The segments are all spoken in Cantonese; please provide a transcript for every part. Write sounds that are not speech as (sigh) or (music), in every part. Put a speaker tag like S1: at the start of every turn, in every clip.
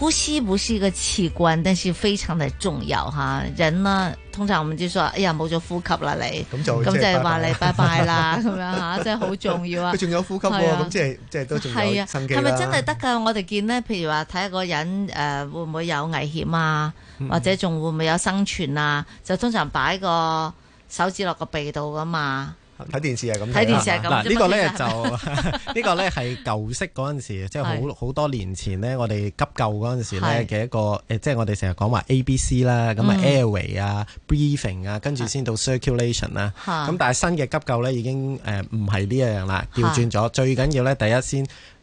S1: 呼吸不是一個器官，但是非常的重要哈、啊。人啦，通常我唔知，說，哎呀冇咗呼吸啦你，咁就係話你拜拜 (laughs) 啦，咁樣吓，即係好重要啊。佢仲有呼吸、哦，咁、啊、即係即係都仲有生機啦。係咪真係得噶？我哋見咧，譬如話睇下個人誒、呃、會唔會有危險啊，或者仲會唔會有生存啊？嗯、就通常擺個手指落個鼻度噶嘛。
S2: 睇電視係咁，睇電視係咁。嗱、啊呢個、呢個咧就
S3: 呢個咧係舊式嗰陣時， (laughs) 即係好好多年前咧，我哋急救嗰陣時咧嘅一個誒，是即係我哋成日講話 A BC,、嗯、B、C 啦，咁啊 Airway 啊、Breathing 啊，跟住先到 Circulation 啦、啊。咁是但係新嘅急救咧已經誒唔係呢樣啦，調轉咗。是最緊要咧，第一先。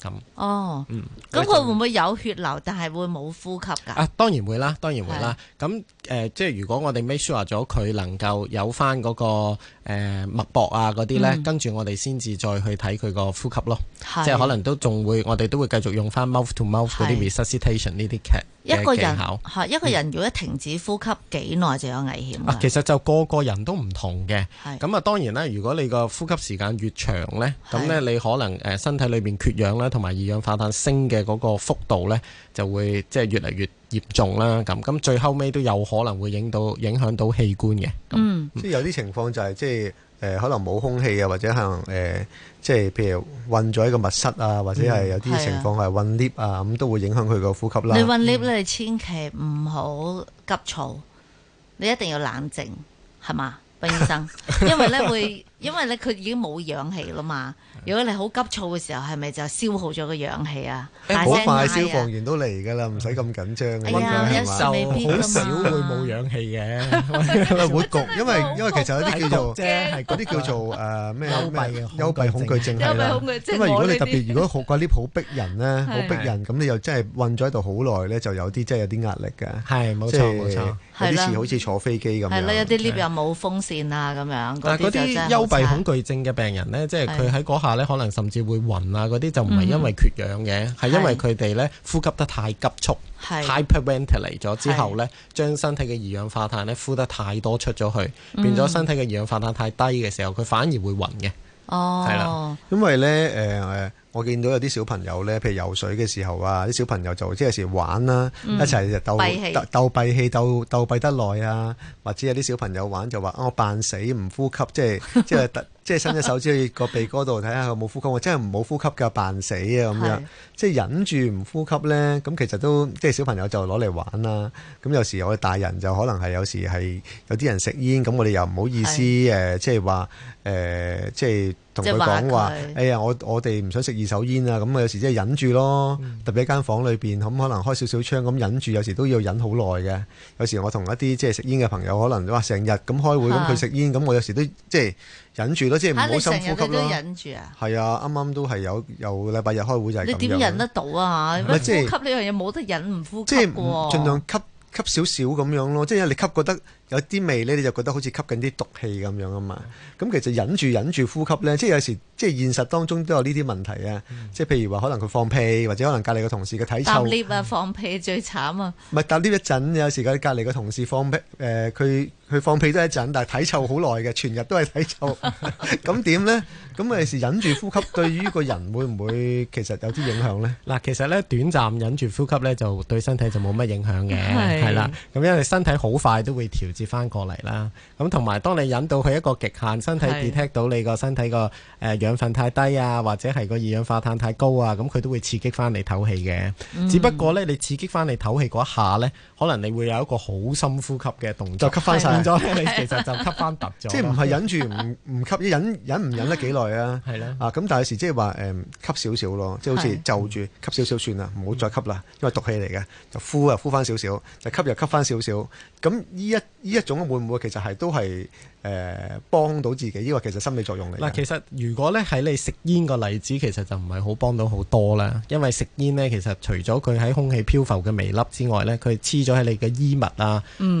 S1: 咁哦，嗯，咁佢會唔會有血流，但係會冇呼吸㗎？啊，
S3: 當然會啦，當然會啦。咁誒，即係如果我哋 make sure 咗佢能夠有翻嗰個誒脈搏啊啲咧，跟住我哋先至再去睇佢個呼吸咯。
S1: 係，即係可能
S3: 都仲會，我哋都會繼續用翻 mouth to mouth 嗰啲 resuscitation 呢啲嘅技巧，一個人吓，一個人
S1: 如果一停止呼吸幾耐就有危險？啊，其
S3: 實就個個人都唔同嘅。係，咁啊，當然啦。如果你個呼吸時間越長咧，咁咧你可能誒身體裏邊缺氧啦。同埋二氧化碳升嘅嗰個幅度呢，就會即係越嚟越嚴重啦。咁咁最後尾都有可能會影響到影響到
S2: 器官嘅。嗯，嗯即係有啲情況就係即係可能冇空氣啊，或者可能即係、呃、譬如困咗一個密室啊，或者係有啲情況係困 𨋢 啊，咁、嗯啊、都會影響佢個呼吸啦。你混困
S1: 𨋢，嗯、你千祈唔好急躁，你一定要冷靜，係嘛，溫醫生，因為呢會。 (laughs) 因為咧佢已經冇氧氣啦嘛，如果你好急躁嘅時候，係咪就消耗咗個氧氣啊？好快消防員都
S2: 嚟㗎啦，唔使咁緊張。係啊，有好少會冇氧氣嘅，會焗。因為因為其實有啲叫做係嗰啲叫做誒咩幽閉幽閉恐懼症啦。因為如果你特別如果好掛啲好逼人咧，好逼人咁你又真係困咗喺度好耐咧，就有啲真係有啲壓力㗎。係冇錯冇錯，有啲似好似坐飛機咁。係啦，有啲 lift 又
S1: 冇風扇啊咁樣啲鼻恐懼
S2: 症嘅病人呢，的即係佢
S1: 喺嗰
S3: 下呢，可能甚至會暈啊，嗰啲就唔係因為缺氧嘅，係、嗯、因為佢哋呢，呼吸得太急促的，hyperventilate 咗之後呢，將的身體嘅二氧化碳呢，呼得太
S2: 多出咗去，嗯、變咗身體嘅二氧化碳太低嘅時候，佢反而會暈嘅。
S1: 哦，係啦，
S2: 因為呢。誒、呃。呃我見到有啲小朋友呢，譬如游水嘅時候啊，啲小朋友就即係時玩啦，嗯、一齊就鬥鬥閉氣、鬥鬥閉得耐啊，或者有啲小朋友玩就話：我、哦、扮死唔呼吸，即係即係 (laughs) (laughs) 即係伸隻手指去個鼻哥度睇下有冇呼吸，我真係唔好呼吸㗎，扮死啊咁樣。是的 即係忍住唔呼吸呢，咁其實都即係小朋友就攞嚟玩啦。咁有時我哋大人就可能係有時係有啲人食煙，咁我哋又唔好意思誒是的、呃，即係話誒，即係同佢講話。哎呀，我我哋唔想食二手煙啊！咁啊，有時即係忍住咯。特別喺間房裏邊，咁可能開少少窗，咁忍住，有時都要忍好耐嘅。有時我同一啲即係食煙嘅朋友，可能哇成日咁開會，咁佢食煙，咁我有時都即係。即 (laughs) 忍住咯，即係唔好深呼吸咯。忍住啊。係啊，啱啱、啊、都係有有禮拜日開會就係咁樣。你點忍得
S1: 到啊？咁啊、就是，呼吸呢樣嘢冇得忍，唔呼吸嘅喎。盡量
S2: 吸吸少少咁樣咯，即係你吸覺得，有啲味咧，你就覺得好似吸緊啲毒氣咁樣啊嘛！咁其實忍住忍住呼吸咧，即係有時即係現實當中都有呢啲問題啊！即係譬如話，可能佢放屁，或者可能隔離個同事嘅體臭。打
S1: 隔啊！放屁最慘啊！
S2: 唔隔呢一陣，有時個隔離個同事放屁，誒佢佢放屁都一陣，但係體臭好耐嘅，全日都係體臭。咁點咧？咁有時忍住呼吸，對於個人會唔會其實有啲影響咧？
S3: 嗱， (laughs) 其實咧，短暫忍住呼吸咧，就對身體就冇乜影響嘅，係啦的。咁因為身體好快都會調。接翻過嚟啦，咁同埋當你引到佢一個極限，身體 detect 到你個身體個誒、呃、氧分太低啊，或者係個二氧化碳太高啊，咁佢都會刺激翻你唞氣嘅。嗯、只不過呢，你刺激翻你唞氣嗰一下呢，可能你會有一個好深呼吸嘅動作，就吸翻晒，其實就吸翻 (laughs) (laughs) 即係唔係忍
S2: 住唔唔吸？忍忍唔忍得幾耐啊？係咯的。咁、啊，但係時即係話誒吸少少咯，即係好似就住的吸少少算啦，唔好再吸啦，因為毒氣嚟嘅。就呼啊呼翻少少，就吸又吸翻少少。咁依一點點呢一種會唔會其實係都係？誒，幫到自己呢個其實心理作用嚟。嗱，
S3: 其實如果咧喺你食煙個例子，其實就唔係好幫到好多啦。因為食煙咧，其實除咗佢喺空氣漂浮嘅微粒之外咧，佢黐咗喺你嘅衣物啊，誒誒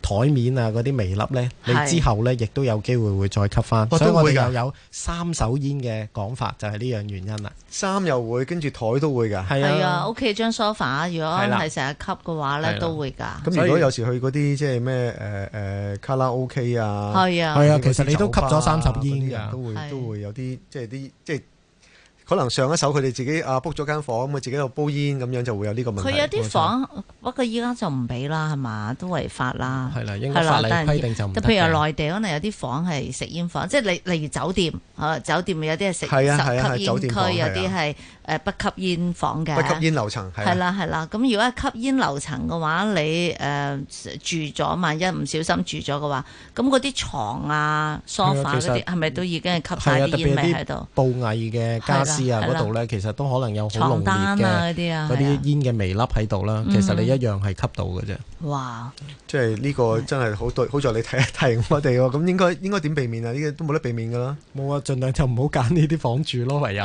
S3: 台面啊嗰啲微粒咧，你之後咧亦都有機會會再吸翻。所以我哋又有三手煙嘅
S2: 講法，就係呢樣原因啦。衫又會，跟住台都會噶係啊，屋
S1: 企張 sofa 如果係成日吸嘅話咧，都會噶咁如果有
S2: 時去嗰啲即係咩，誒誒卡拉 OK 啊？係啊，係啊，的其實你都吸咗三手煙嘅。啊、都會的都會有啲即係啲即係，就是可能上一手佢哋自己啊 book 咗間房，咁佢自己喺度煲煙咁樣就會有呢個問題。佢有啲房，
S1: 嗯、不過依家就唔俾啦，係嘛都違法啦。係啦，應該法例規定就唔得。譬如內地可能有啲房係食煙房，即係例例如酒店，嚇酒店有啲係食吸煙區，有啲係誒不吸煙房嘅。不吸
S2: 煙樓層係啦
S1: 係啦，咁如果係吸煙樓層嘅話，你誒、呃、住咗萬一唔小心住咗嘅話，咁嗰啲床啊、梳化嗰啲係咪都已經係吸晒啲煙味喺度？
S3: 布藝嘅傢俬。嗰度咧，其實都可能有好濃烈嘅嗰啲煙嘅微
S2: 粒喺度啦。其實你一樣係吸到嘅啫。哇！即係呢個真係好對，好在你提一提我哋喎。咁應該應該點避免啊？呢個都冇得避免噶啦。冇啊，盡量就唔好揀呢啲房住咯，唯有。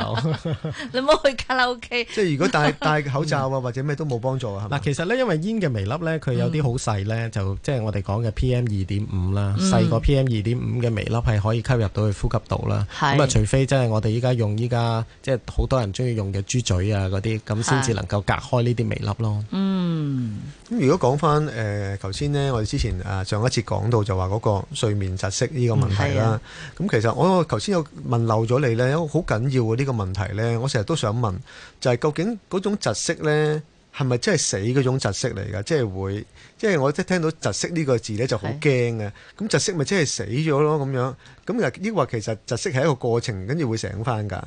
S1: 你冇去卡拉 OK。即係如果戴戴口罩
S2: 啊，或者咩都冇幫助啊。嗱，
S3: 其實咧，因為煙嘅微粒咧，佢有啲好細咧，就即係我哋講嘅 PM 二點五啦，細過 PM 二點五嘅微粒係可以吸入到去呼吸道啦。咁啊，除非即係我哋依家用依家。即係好多人中意用嘅豬嘴啊，嗰啲咁先至能夠隔開呢啲微粒
S2: 咯。嗯，咁如果講翻誒，頭先呢，我哋之前啊上一次講到就話嗰個睡眠窒息呢個問題啦。咁、啊嗯、其實我頭先有問漏咗你呢，一個好緊要嘅呢個問題呢，我成日都想問就係究竟嗰種窒息呢係咪真係死嗰種窒息嚟㗎？即係會即係我即係聽到窒息呢個字呢就好驚嘅。咁是窒息咪真係死咗咯？咁樣咁又抑或其實窒息係一個過程，跟住會醒翻㗎？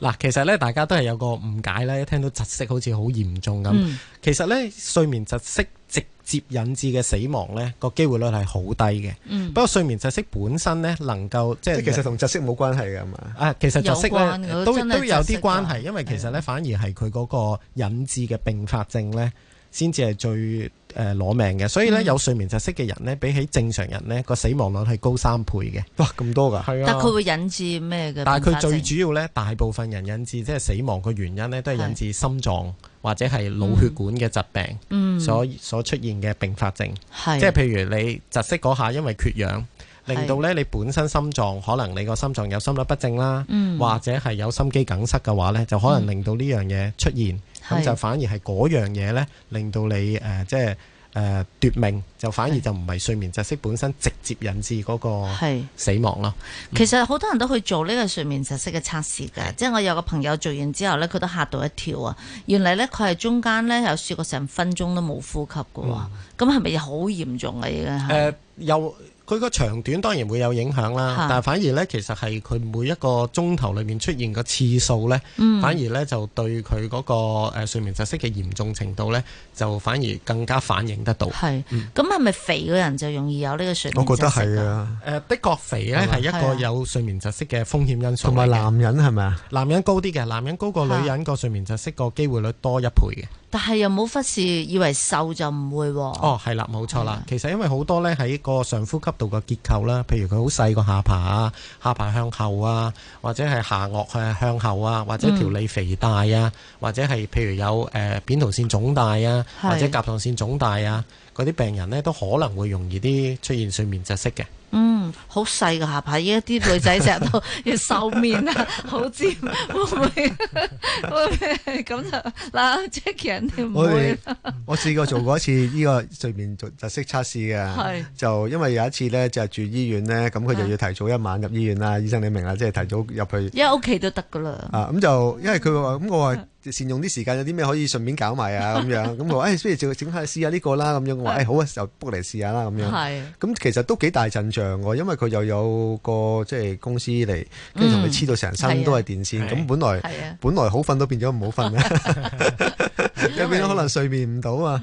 S3: 嗱，其實咧，大家都係有個誤解咧，一聽到窒息好似好嚴重咁。嗯、其實咧，睡眠窒息直接引致嘅死亡咧，個機會率係好低嘅。不過、嗯、睡眠窒息本身咧，能夠即係其實同窒息冇關係㗎嘛。啊，其實窒息咧都息都，都有啲關係，因為其實咧，反而係佢嗰個引致嘅併發症咧，先至係最。誒攞、呃、命嘅，所以咧，有睡眠窒息嘅人咧，比起正常人咧，個死亡率係高三倍嘅。哇，咁多噶！係啊，但係佢會
S1: 引致咩嘅？但係佢最
S3: 主要咧，大部分人引致即係死亡嘅原因咧，都係引致心臟或者係腦血管嘅疾病，嗯，所、嗯、所出現嘅併發症。嗯、即係譬如你窒息嗰下，因為缺氧。令到咧，你本身心臟可能你個心臟有心律不正啦，嗯、或者係有心肌梗塞嘅話呢就可能令到呢樣嘢出現，咁、嗯、就反而係嗰樣嘢呢，令到你誒、呃、即係誒、呃、奪命，就反而就唔係睡眠窒息、就是、本身直接引致嗰個死亡咯。嗯嗯、
S1: 其實好多人都去做呢個睡眠窒息嘅測試嘅，即係我有個朋友做完之後呢，佢都嚇到一跳啊！原嚟呢，佢係中間呢，有試過成分鐘都冇呼吸嘅喎，咁係咪好嚴重啊？而家、呃、有。
S3: 佢個長短當然會有影響啦，但係反而咧，其實係佢每一個鐘頭裏面出現個次數咧，嗯、反而咧就對佢嗰、嗰個、呃、睡眠窒息嘅嚴重程度咧，就反而更加反映得到。係是，
S1: 咁係咪肥嘅人就容易有呢個睡眠窒息？我覺得係啊，誒、呃、的確肥咧係一個
S3: 有睡眠窒息嘅風險因素。同埋、啊、男人係咪啊？男人高啲嘅，男人高過女人個睡眠窒息個機會率多一倍嘅。
S1: 但係又冇忽視以為瘦就唔會喎、
S3: 啊。哦，係啦、啊，冇錯啦。啊、其實因為好多咧喺個上呼吸度個結構啦，譬如佢好細個下巴、啊，下巴向後啊，或者係下顎向向後啊，或者條脷肥大啊，或者係譬如有誒、呃、扁桃腺腫大啊，或者甲狀腺腫大啊，嗰啲是病人呢都可能會容易啲出現睡眠
S1: 窒息嘅。嗯，好細噶下排依一啲女仔成日都要瘦面啊，好尖，會唔會會唔會咁？就嗱 Jacky 人哋唔會。
S2: 我試過做過一次依個睡眠窒息測試嘅，就因為有一次咧就係住醫院咧，咁佢就要提早一晚入醫院啦。醫生你明啦，即係提早入去，
S1: 因為屋企都得噶啦。
S2: 啊，咁就因為佢話咁，我話善用啲時間，有啲咩可以順便搞埋啊咁樣。咁我誒不如就整下試下呢個啦咁樣。我誒好啊，就 book 嚟試下啦咁樣。係。咁其實都幾大陣象。因為佢又有個即係、就是、公司嚟，跟住同你黐到成身都係電線，咁、嗯啊啊、本來、啊、本來好瞓都變咗唔好瞓咧，又變咗可能睡眠唔到啊！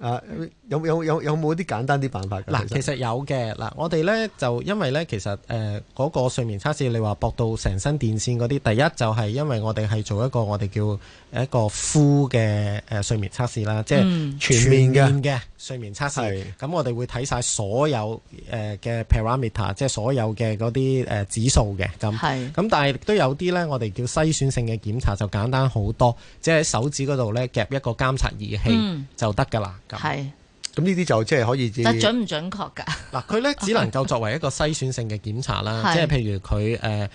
S2: 啊，有有有有冇啲簡單啲辦法？嗱，其實有嘅
S3: 嗱，我哋咧就因為咧，其實誒嗰個睡眠測試，你話駁到成身電線嗰啲，第一就係因為我哋係做一個我哋叫一個 full 嘅誒睡眠測試啦，嗯、即係全面嘅。睡眠測試，咁是我哋會睇晒所有誒嘅 parameter，即係所有嘅嗰啲誒指數嘅咁。咁是但係亦都有啲咧，我哋叫篩選性嘅檢查就簡單好多，即係喺手指嗰度咧夾一個監察儀器就得㗎啦。咁咁呢啲就即係可以。可以自己，但準
S1: 唔準確㗎？
S3: 嗱， (laughs) 佢咧只能夠作為一個篩選性嘅檢查啦。即係 (laughs) 譬如佢誒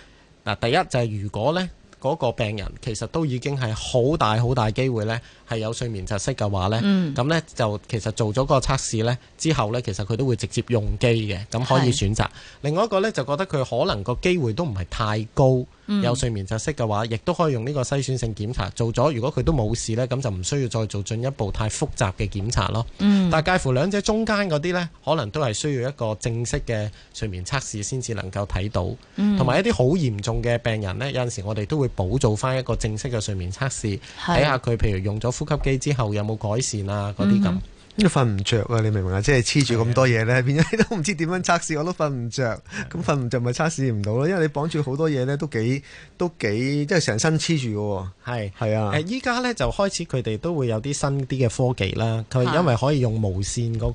S3: 嗱，第一就係如果咧。嗰個病人其實都已經係好大好大機會呢，係有睡眠窒息嘅話呢。咁呢、嗯，就其實做咗個測試呢之後呢，其實佢都會直接用機嘅，咁可以選擇。是另外一個呢，就覺得佢可能個機會都唔係太高。有睡眠窒息嘅話，亦都可以用呢個篩選性檢查做咗。如果佢都冇事呢，咁就唔需要再做進一步太複雜嘅檢查咯。嗯、但係介乎兩者中間嗰啲呢，可能都係需要一個正式嘅睡眠測試先至能夠睇到。同埋、嗯、一啲好嚴重嘅病人呢，有陣時我哋都會補做翻一個正式嘅睡眠測試，睇下佢譬如用咗呼吸機之後有冇改
S2: 善啊嗰啲咁。都瞓唔着啊！你明唔明啊？即係黐住咁多嘢咧，變咗你都唔知點樣測試，我都瞓唔着。咁瞓唔着咪測試唔到咯？因為你綁住好多嘢咧，都幾都幾，即係成身黐住嘅。係係啊。誒，依家咧就開始佢哋都會有啲新啲
S3: 嘅科技啦。佢因為可以用無線嗰、那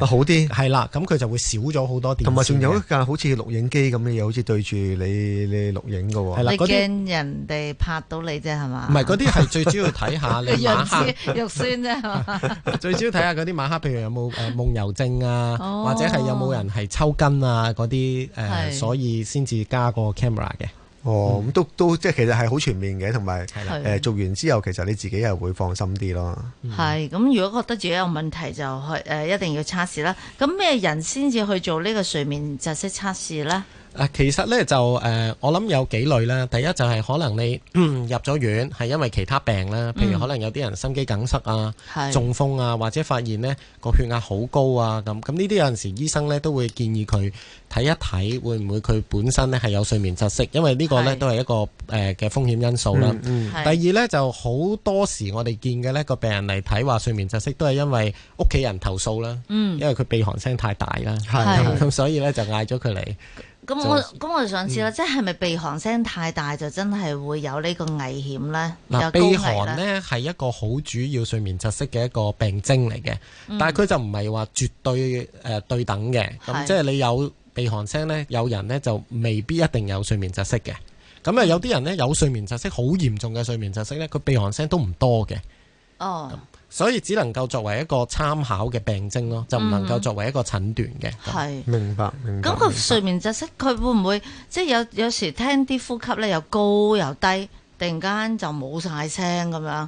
S3: 個誒，好啲係啦。咁佢、那個嗯、就會少
S2: 咗好多電。同埋仲有一架好似錄影機咁嘅嘢，好似對住你你錄影㗎。係啦，你驚
S1: 人哋拍到你啫，係嘛？唔係，嗰啲係
S2: 最主要睇下 (laughs) 你下。肉酸肉酸
S1: 啫，
S3: 最主要。睇下嗰啲晚黑，譬如有冇誒、呃、夢遊症啊，哦、或者係有冇人係抽筋啊嗰啲誒，呃、是所以先至加個 camera 嘅。哦，咁、嗯、都
S2: 都即係其實係好全面嘅，同埋誒做完之後，其實你自己又會放心啲咯。
S1: 係，咁、嗯、如果覺得自己有問題，就係誒、呃、一定要測試啦。咁咩人先至去做呢個睡眠窒息測試咧？
S3: 其實咧就誒、呃，我諗有幾類啦。第一就係可能你 cough，入咗院，係因為其他病啦，譬如可能有啲人心肌梗塞啊、嗯、中風啊，或者發現呢個血壓好高啊咁。咁呢啲有陣時醫生咧都會建議佢睇一睇，會唔會佢本身咧係有睡眠窒息，因為呢個咧都係一個誒嘅風險因素啦。第二咧就好多時我哋見嘅呢個病人嚟睇話睡眠窒息，都係因為屋企人投訴啦，因為佢鼻鼾聲太大啦，咁、嗯、所以咧就嗌咗佢嚟。
S1: 咁我咁我上次咧，嗯、即係咪鼻鼾聲太大就真係會有呢個危險呢？嗱、呃，鼻鼾呢
S3: 係一個好主要睡眠窒息嘅一個病徵嚟嘅，嗯、但係佢就唔係話絕對誒、呃、對等嘅。咁、嗯、即係你有鼻鼾聲呢，有人呢就未必一定有睡眠窒息嘅。咁啊，有啲人呢，有睡眠窒息好嚴重嘅睡眠窒息呢，佢鼻鼾聲都唔多嘅。哦。所以只能夠作為一個參考嘅病徵咯，就唔能夠作為一個診斷嘅。係，
S2: 明白。明白。咁佢
S1: 睡眠窒息佢會唔會即係有有時聽啲呼吸咧又高又低，突然間就冇晒聲咁樣，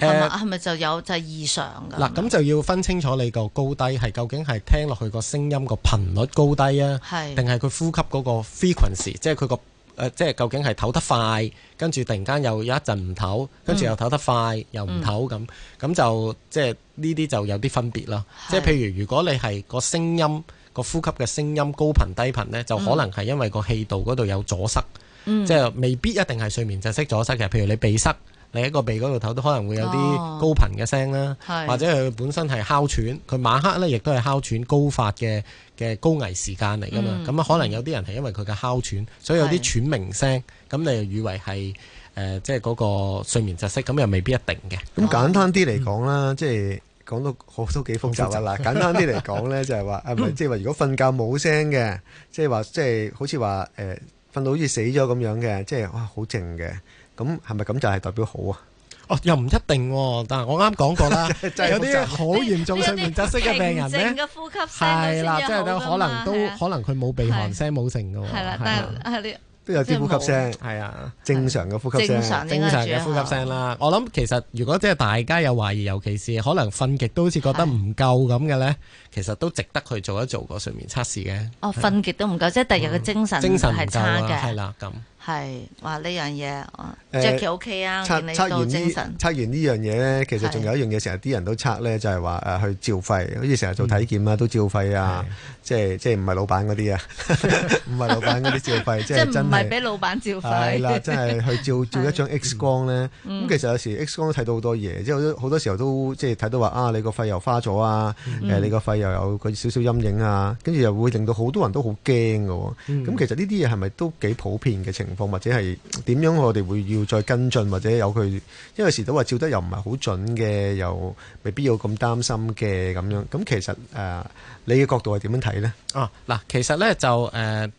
S1: 係咪、呃、就有就係、係、異常嘅？嗱、呃，咁
S3: 就要分清楚你個高低係究竟係聽落去個聲音個頻率高低啊，係定係佢呼吸嗰個 frequency，即係佢個。誒、呃，即係究竟係唞得快，跟住突然間又有一陣唔唞，跟住、嗯、又唞得快，又唔唞咁，咁、嗯、就即係呢啲就有啲分別啦。是即係譬如，如果你係個聲音、個呼吸嘅聲音高頻低頻呢，就可能係因為個氣道嗰度有阻塞，嗯、即係未必一定係睡眠窒息阻塞嘅。譬如你鼻塞。你喺個鼻嗰度唞都可能會有啲高頻嘅聲啦
S2: ，oh, 或者佢
S3: 本身係哮喘，佢是晚黑咧亦都係哮喘高發嘅嘅高危時間嚟㗎嘛，咁啊、hmm, 可能有啲人係因為佢嘅哮喘，所以有啲喘鳴聲，咁是你又以為係誒、呃、即係嗰個睡眠窒息，咁又未必一定嘅。
S2: 咁、oh. 簡單啲嚟講啦，即、就、係、是、講到好都幾複雜啦。方 (laughs) 簡單啲嚟講呢，就係、是、話，即係話如果瞓覺冇聲嘅，即係話即係好似話誒瞓到好似死咗咁、就是呃、樣嘅，即係好靜嘅。咁係咪咁就係代表好啊？哦，又唔一定，但係我啱講過啦，就係有啲好嚴重睡眠窒
S3: 息嘅病人咧。
S1: 係啦，即係可能都
S3: 可能佢冇鼻鼾聲冇聲嘅。係啦，但係都有啲呼吸聲，係啊，正常嘅呼吸聲，正常嘅呼吸聲啦。我諗其實如果即係大家有懷疑，尤其是可能瞓極都好似覺得唔夠咁嘅咧，其實都值得去做一做個睡眠測試
S2: 嘅。哦，瞓
S1: 極都唔夠，即係第日嘅精神精神係差嘅。係啦，咁。係，話呢樣嘢，Jackie OK 啊，見你個精
S2: 神。測完呢樣嘢咧，其實仲有一樣嘢成日啲人都測咧，就係話誒去照肺，好似成日做體檢啊都照肺啊，即係即係唔係老闆嗰啲啊？唔係老闆嗰啲照肺，即係真係俾
S1: 老闆照肺。係啦，真係
S2: 去照照一張 X 光咧，咁其實有時 X 光都睇到好多嘢，即係好多好多時候都即係睇到話啊，你個肺又花咗啊，誒你個肺又有佢少少陰影啊，跟住又會令到好多人都好驚㗎喎。咁其實呢啲嘢係咪都幾普遍嘅情？或者係點樣，我哋會要再跟進，或者有佢，因為時都話照得又唔係好準嘅，又未必要咁擔心嘅咁樣。咁其實誒、呃，你嘅角度係點樣睇呢？啊，
S3: 嗱，其實呢就誒。呃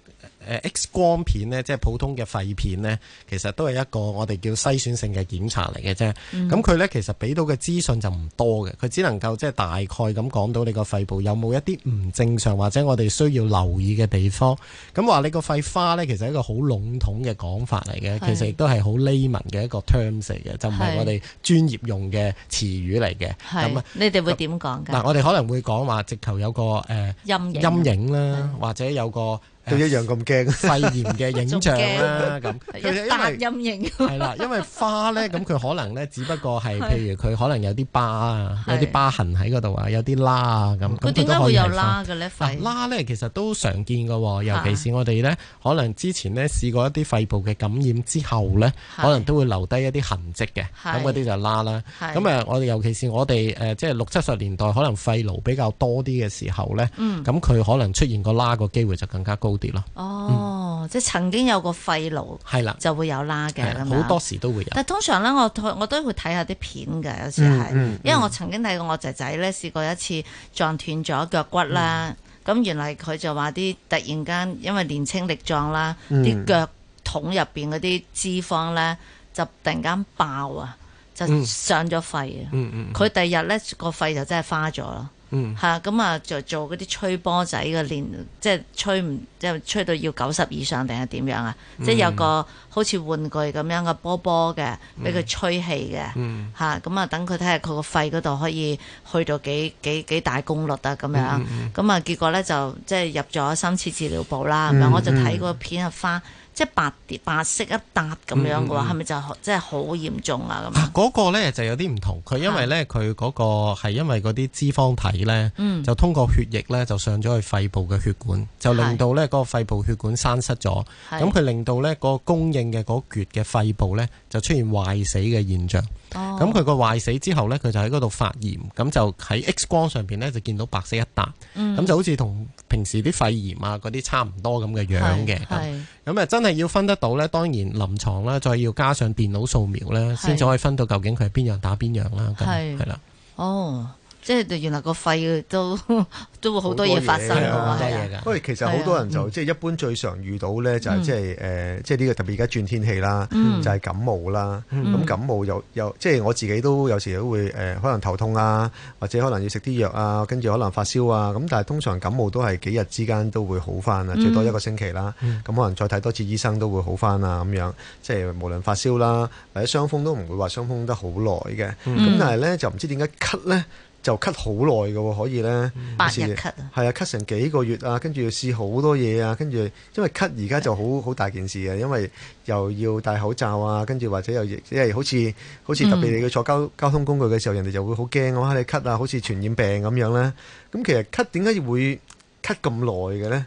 S3: 誒 X 光片呢，即係普通嘅肺片呢，其實都係一個我哋叫篩選性嘅檢查嚟嘅啫。咁佢呢，其實俾到嘅資訊就唔多嘅，佢只能夠即係大概咁講到你個肺部有冇一啲唔正常或者我哋需要留意嘅地方。咁話你個肺花呢，其實係一個好籠統嘅講法嚟嘅，是其實亦都係好 layman 嘅一個 terms 嚟嘅，是就唔係我哋專業用嘅詞語嚟嘅。咁是、嗯、
S1: 你哋會點講？嗱、呃，我
S3: 哋可能會講話直頭有個誒、呃、陰影啦，或者有個。都一樣咁驚肺炎嘅影像啦，咁一笪
S1: 陰影。係啦，
S3: 因為花咧，咁佢可能咧，只不過係譬如佢可能有啲疤啊，有啲疤痕喺嗰度啊，有啲拉啊咁，咁啲都可以睇翻。拉咧，其實都常見嘅，尤其是我哋咧，可能之前咧試過一啲肺部嘅感染之後咧，可能都會留低一啲痕跡嘅，咁嗰啲就拉啦。咁啊，我哋尤其是我哋誒，即係六七十年代，可能肺癆比較多啲嘅時候咧，咁佢可能出現個拉個機會就更加高。
S1: 哦，即係曾經有個肺癆，係啦的，就會有拉嘅，好的樣多時都會有。但通常咧，我我都會睇下啲片嘅，有時係，嗯嗯、因為我曾經睇過我仔仔咧試過一次撞斷咗腳骨啦，咁、嗯、原來佢就話啲突然間因為年輕力壯啦，啲腳筒入邊嗰啲脂肪咧就突然間爆啊，就傷咗肺啊，佢第二日咧、個肺就真係花咗咯。嗯，嚇咁啊，就、嗯嗯、做嗰啲吹波仔嘅，連即係吹唔即係吹到要九十以上定係點樣啊？即係有個好似玩具咁樣嘅波波嘅，俾佢吹氣嘅，嚇咁啊，等佢睇下佢個肺嗰度可以去到幾幾幾大功率啊咁樣。咁啊、嗯，嗯嗯、結果咧就即係入咗深切治療部啦。咁啊，嗯嗯嗯、我就睇個片啊翻。即係白白色一笪咁樣嘅話，係咪就即係好嚴重啊？
S3: 咁嗰、啊那個咧就有啲唔同，佢因為呢，佢嗰是、那個係因為嗰啲脂肪體呢，嗯、就通過血液呢就上咗去肺部嘅血管，就令到呢嗰、那個肺部血管生塞咗，咁佢是令到呢、那個供應嘅嗰橛嘅肺部呢，就出現壞死嘅現象。咁佢個壞死之後呢，佢就喺嗰度發炎，咁就喺 X 光上邊呢，就見到白色一笪，咁、嗯、就好似同平時啲肺炎啊嗰啲差唔多咁嘅樣嘅。咁咁啊，真係要分得到呢？當然臨床啦，再要加上電腦掃描呢，先至係，可以分到究竟佢係邊樣打邊樣啦。係，係啦。
S1: 哦。即係原來個肺都都會好多嘢發生啊！好多嘢噶，不過
S2: 其實好多人就即係一般最常遇到咧，就係即係誒，即係呢個特別而家轉天氣啦，就係感冒啦。咁感冒有有即係我自己都有時都會誒，可能頭痛啊，或者可能要食啲藥啊，跟住可能發燒啊。咁但係通常感冒都係幾日之間都會好翻啊，最多一個星期啦。咁可能再睇多次醫生都會好翻啊咁樣。即係無論發燒啦，或者傷風都唔會話傷風得好耐嘅。咁但係咧就唔知點解咳咧。就咳好耐嘅，可以咧，嗯、是八日咳啊，係啊，咳成幾個月啊，跟住要試好多嘢啊，跟住，因為咳而家就好好大件事啊，因為又要戴口罩啊，跟住或者又亦即係好似好似特別你去坐交交通工具嘅時候，人哋就會好驚啊，嗯、你咳啊，好似傳染病咁樣呢。咁其實咳點解會咳咁耐嘅呢？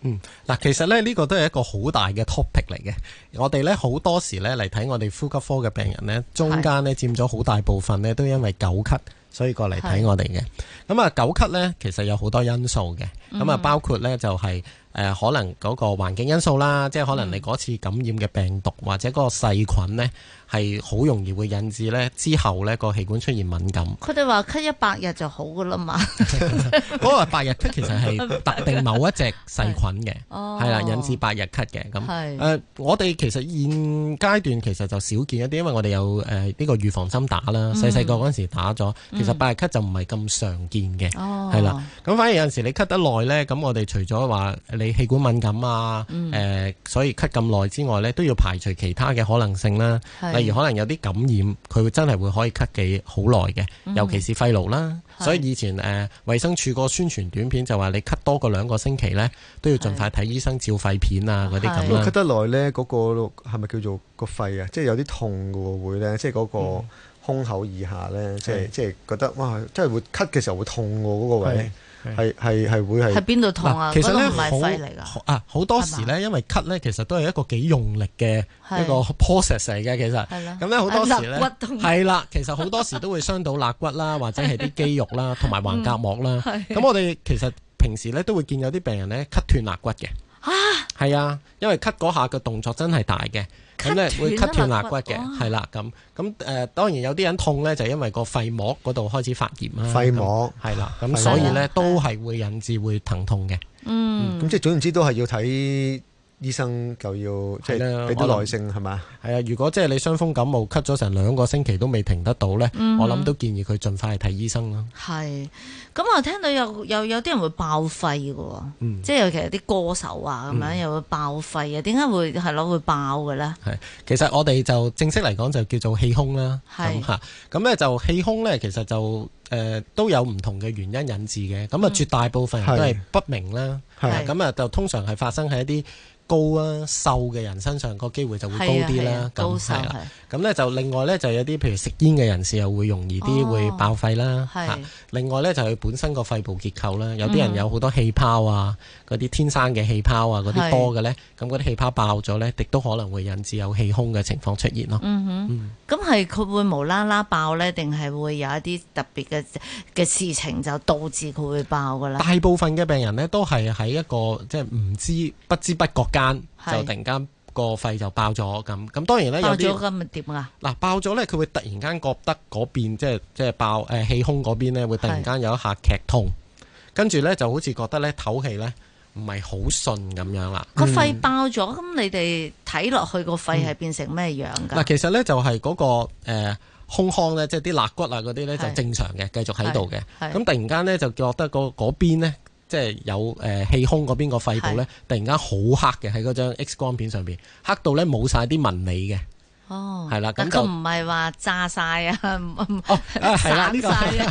S2: 嗯，嗱，其實呢，呢、呢個都係一個好大嘅 topic 嚟嘅。我哋呢，好多
S3: 時呢，嚟睇我哋呼吸科嘅病人呢，中間呢佔咗好大部分呢，都因為久咳。所以過嚟睇我哋嘅，咁啊是、嗯，久咳呢，其實有好多因素嘅。咁啊，嗯、包括咧就係誒可能嗰個環境因素啦，嗯、即係可能你次感染嘅病毒或者嗰個細菌咧，係好容易會引致咧之後咧個器官出現敏感。
S1: 佢哋話咳一百日就好噶啦嘛，
S3: 嗰個百日咳其實係特定某一隻細菌嘅，係啦，哦，引致百日咳嘅。咁誒是、呃、我哋其實現階段其實就少見一啲，因為我哋有誒呢個預防針打啦，細細個陣時打咗，嗯、其實百日咳就唔係咁常見嘅，係啦，哦。咁反而有陣時你咳得耐。咁，我哋，嗯、除咗話你氣管敏感啊，誒、呃，所以咳咁耐之外呢，都要排除其他嘅可能性啦。是例如可能有啲感染，佢真係會可以咳幾好耐嘅，尤其是肺癆啦。嗯、所以以前誒，衛、呃、生署個宣傳短片就話，你咳多過兩個，個星期呢，都要盡快睇醫生照肺片啊，嗰啲咁樣。咳
S2: 得耐呢，嗰、嗰個係咪叫做個肺啊？即係有啲痛嘅會呢？嗯、即係嗰個胸口以下呢，即係即係覺得哇，真係會咳嘅時候會痛嘅嗰個位。係係係會係，係邊度痛啊？其實咧唔係犀利噶，啊好多時咧，因為咳
S3: 咧、啊，其實都係一個幾用力嘅一個 process 嚟嘅，其實。係啦。咁咧好多時咧，係啦，其實好多時都會傷到肋骨啦， (laughs) 或者係啲肌肉啦，同埋橫膈膜啦。咁、嗯、我哋其實平時咧都會見有啲病人咧咳斷肋骨嘅。啊，係啊，因為咳嗰下嘅動作真係大嘅，咁咧、啊、會咳斷肋骨嘅，係啦咁，咁誒、嗯呃、當然有啲人痛咧，就因為個肺膜嗰度開始
S2: 發炎啊，肺膜係啦，咁所以咧都係會引致會疼痛嘅，
S1: 膜，嗯，咁、嗯、
S2: 即係總言之都係要睇。醫生就要即係俾啲耐性係嘛？係
S3: 啊，如果即係你傷風感冒，咳咗成兩個星期都未停得到咧，嗯、我諗都建議佢盡快去睇醫生咯。
S1: 係，咁我聽到又又有啲人會爆肺嘅喎，即係、嗯、尤其係啲歌手啊咁樣又會爆肺啊，點解、嗯、會係咯會爆嘅咧？
S3: 係，其實我哋就正式嚟講就叫做氣胸啦。係嚇，咁咧、嗯、就氣胸咧，其實就。誒都有唔同嘅原因引致嘅，咁啊絕大部分人都係不明啦。係，咁啊就通常係發生喺一啲高啊瘦嘅人身上個機會就會高啲啦。係啊，高瘦係。咁咧就另外咧就有啲譬如食煙嘅人士又會容易啲、哦、會爆肺啦係、啊。另外咧就佢、是、本身個肺部結構啦，有啲人有好多氣泡啊，嗰啲天生嘅氣泡啊嗰啲多嘅咧，咁嗰啲氣泡爆咗咧，亦都可能會引致有氣胸嘅情況出現咯。
S1: 咁係佢會無啦啦爆咧，定係會有一啲特別嘅？嘅事情就導致佢會爆噶啦。大
S3: 部分嘅病人呢，都係喺一個即係唔知不知不覺間是就突然間個肺就爆咗咁。咁當然呢，有咗咁
S1: 咪點啊？
S3: 嗱，爆咗呢，佢會突然間覺得嗰邊即係即係爆誒氣胸嗰邊呢，會突然間有一下劇痛，跟住是呢，就好似覺得呢透氣呢唔係好順咁樣啦。個、嗯、肺
S1: 爆咗，咁你哋睇落去個肺係變成咩樣噶？嗱、嗯嗯，其
S3: 實呢、那個，就係嗰個誒。呃胸腔咧，即係啲肋骨啊啲咧就正常嘅，是繼續喺度嘅。咁突然間咧就覺得嗰邊咧，即、就、係、是、有誒氣胸嗰邊個肺部咧，是突然間好黑嘅，喺嗰張 X 光片上邊，黑到咧冇晒啲紋理嘅。
S1: 哦，係啦，咁都唔係話炸晒啊！哦，係啦，呢個係啊，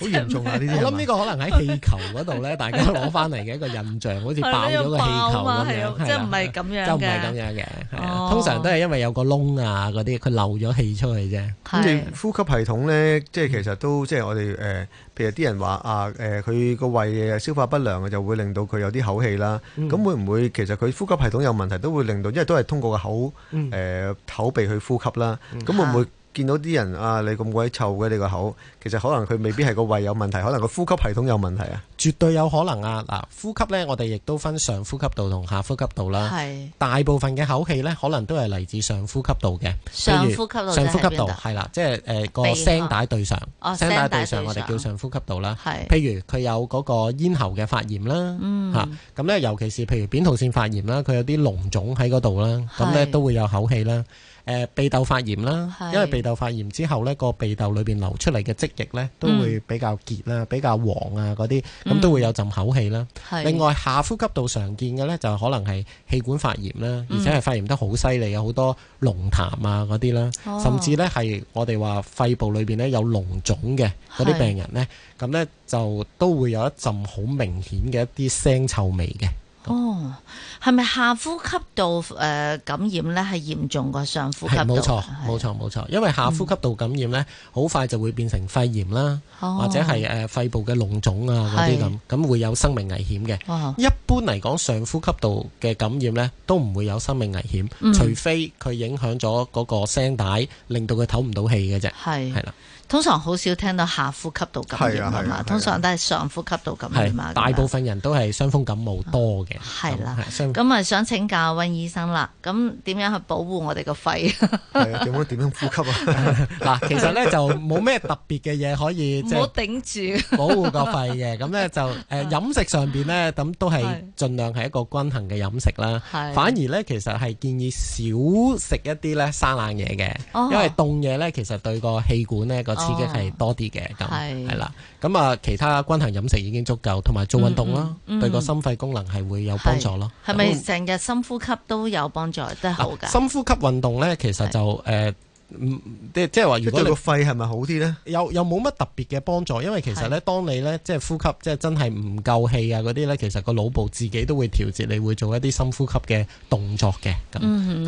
S3: 好嚴重啊。呢啲我諗呢個可能喺氣球嗰度咧，大家攞翻嚟嘅一個印象，好似爆咗個氣球咁樣，係即係唔
S1: 係咁樣，就唔係咁樣嘅，係啊，通常
S3: 都係因為有個窿啊，嗰啲佢漏咗氣出去啫。
S2: 咁你呼吸系統咧，即係其實都即係我哋誒。其實啲人話啊，誒佢個胃消化不良啊，就會令到佢有啲口氣啦。咁、嗯、會唔會其實佢呼吸系統有問題，都會令到，因為都係通過個口誒、嗯呃、口鼻去呼吸啦。咁、嗯、會唔會？見到啲人啊，你咁鬼臭嘅你個口，其實可能佢未必係個胃有問題，可能個呼吸系統有問題啊。絕對有可能啊！嗱，呼吸呢，我哋亦都
S3: 分上呼吸道同下呼吸道啦。是大部分嘅口氣呢，可能都係嚟自上呼吸道嘅。上呼吸道。上呼吸道係啦，即係誒、呃，那個聲帶對上。聲帶、哦、對上。我哋叫上呼吸道啦。譬是如佢有嗰個咽喉嘅發炎啦，吓咁呢，尤其、啊、是譬如扁桃腺發炎啦，佢有啲膿腫喺嗰度啦，咁呢，都會有口氣啦。誒、呃、鼻竇發炎啦，因為鼻竇發炎之後呢，個鼻竇裏邊流出嚟嘅積液呢，都會比較結啦，嗯、比較黃啊嗰啲，咁、嗯、都會有陣口氣啦。嗯、另外下呼吸道常見嘅呢，就可能係氣管發炎啦，嗯、而且係發炎得好犀利，有好多濃痰啊嗰啲啦，哦、甚至呢，係我哋話肺部裏邊呢有膿腫嘅嗰啲病人呢，咁呢，就都會有一陣好明顯嘅一啲腥臭味嘅。
S1: 哦，係咪下呼吸道誒、呃、感染呢？係嚴重過上呼吸道？係冇錯，
S3: 冇錯，冇錯。因為下呼吸道感染呢，好快就會變成肺炎啦，嗯、或者係誒肺部嘅膿腫啊嗰啲咁，咁、哦、會有生命危險嘅。哦、一般嚟講，上呼吸道嘅感染呢，都唔會有生命危險，嗯、除非佢影響咗嗰個聲帶，令到佢唞唔到氣嘅啫。係啦是。
S1: 通常好少聽到下呼吸道感染係嘛？通常都係上呼吸道感染。大部
S3: 分人都係傷風感冒多嘅。係啦，咁
S1: 啊想請教温醫生啦。咁點樣去保護我哋個肺？
S3: 點樣點樣呼吸啊？嗱，其實咧就冇咩特別嘅嘢可以即係
S1: 頂住保護個肺
S3: 嘅。咁咧就誒飲食上邊咧，咁都係儘量係一個均衡嘅飲食啦。反而咧，其實係建議少食一啲咧生冷嘢嘅，因為凍嘢咧其實對個氣管咧刺激係多啲嘅。咁，係啦，哦，咁啊其他均衡飲食已經足夠，同埋做運動啦，嗯嗯嗯嗯對個心肺功能係會有幫助咯。係咪
S1: 成日深呼吸都有幫助，都係好
S3: 噶？深呼吸運動呢，其實就誒。是呃即即係話，如果個肺係咪好啲呢？有有冇乜特別嘅幫助？因為其實咧，當你咧即係呼吸，即係真係唔夠氣啊嗰啲咧，其實個腦部自己都會
S2: 調節，你會做一啲深呼吸嘅動作嘅。咁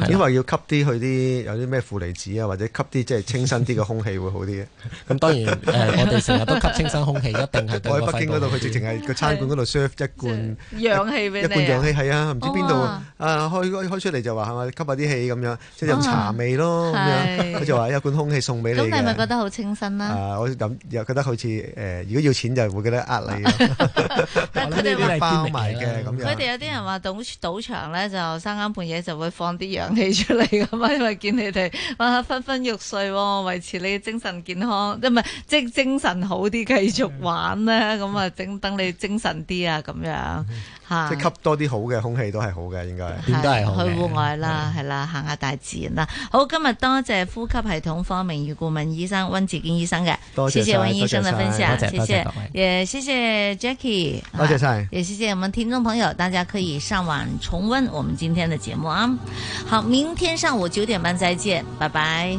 S2: 因為要吸啲去啲有啲咩負離子啊，或者吸啲即係清新啲嘅空氣會好啲嘅。咁當然，我哋成日都吸清新空氣，一定係對個肺。我喺北京嗰度，佢直情係個餐館嗰度 serve 一罐氧氣俾你，一罐氧氣係啊，唔知邊度啊開開出嚟，就話係咪？吸下啲氣咁樣，即係飲茶味咯咁樣。佢就話一罐空氣送俾你。咁你咪
S1: 覺得好清新啦？啊，
S2: 我又覺得好似誒，如果要錢就會覺得呃你。
S1: 佢哋都包
S2: 埋嘅咁。佢哋
S1: 有啲人話賭賭場咧，就三更半夜就會放啲氧氣出嚟咁啊，因為見你哋哇，昏昏欲睡喎，維持你精神健康，即唔係即精神好啲繼續玩咧，咁啊整等你精神啲啊咁樣嚇。即吸
S2: 多啲好嘅空氣都係好嘅，應該點解？係去戶
S1: 外啦，係啦，行下大自然啦。好，今日多謝。呼吸系統科名譽顧問醫生溫志堅醫生嘅，多謝溫醫生嘅分享，多謝，也謝謝 Jackie，多謝晒，好吧，多謝也謝謝我們聽眾朋友，大家可以上網重溫我們今天的節目啊！好，明天上午九點半再見，拜拜。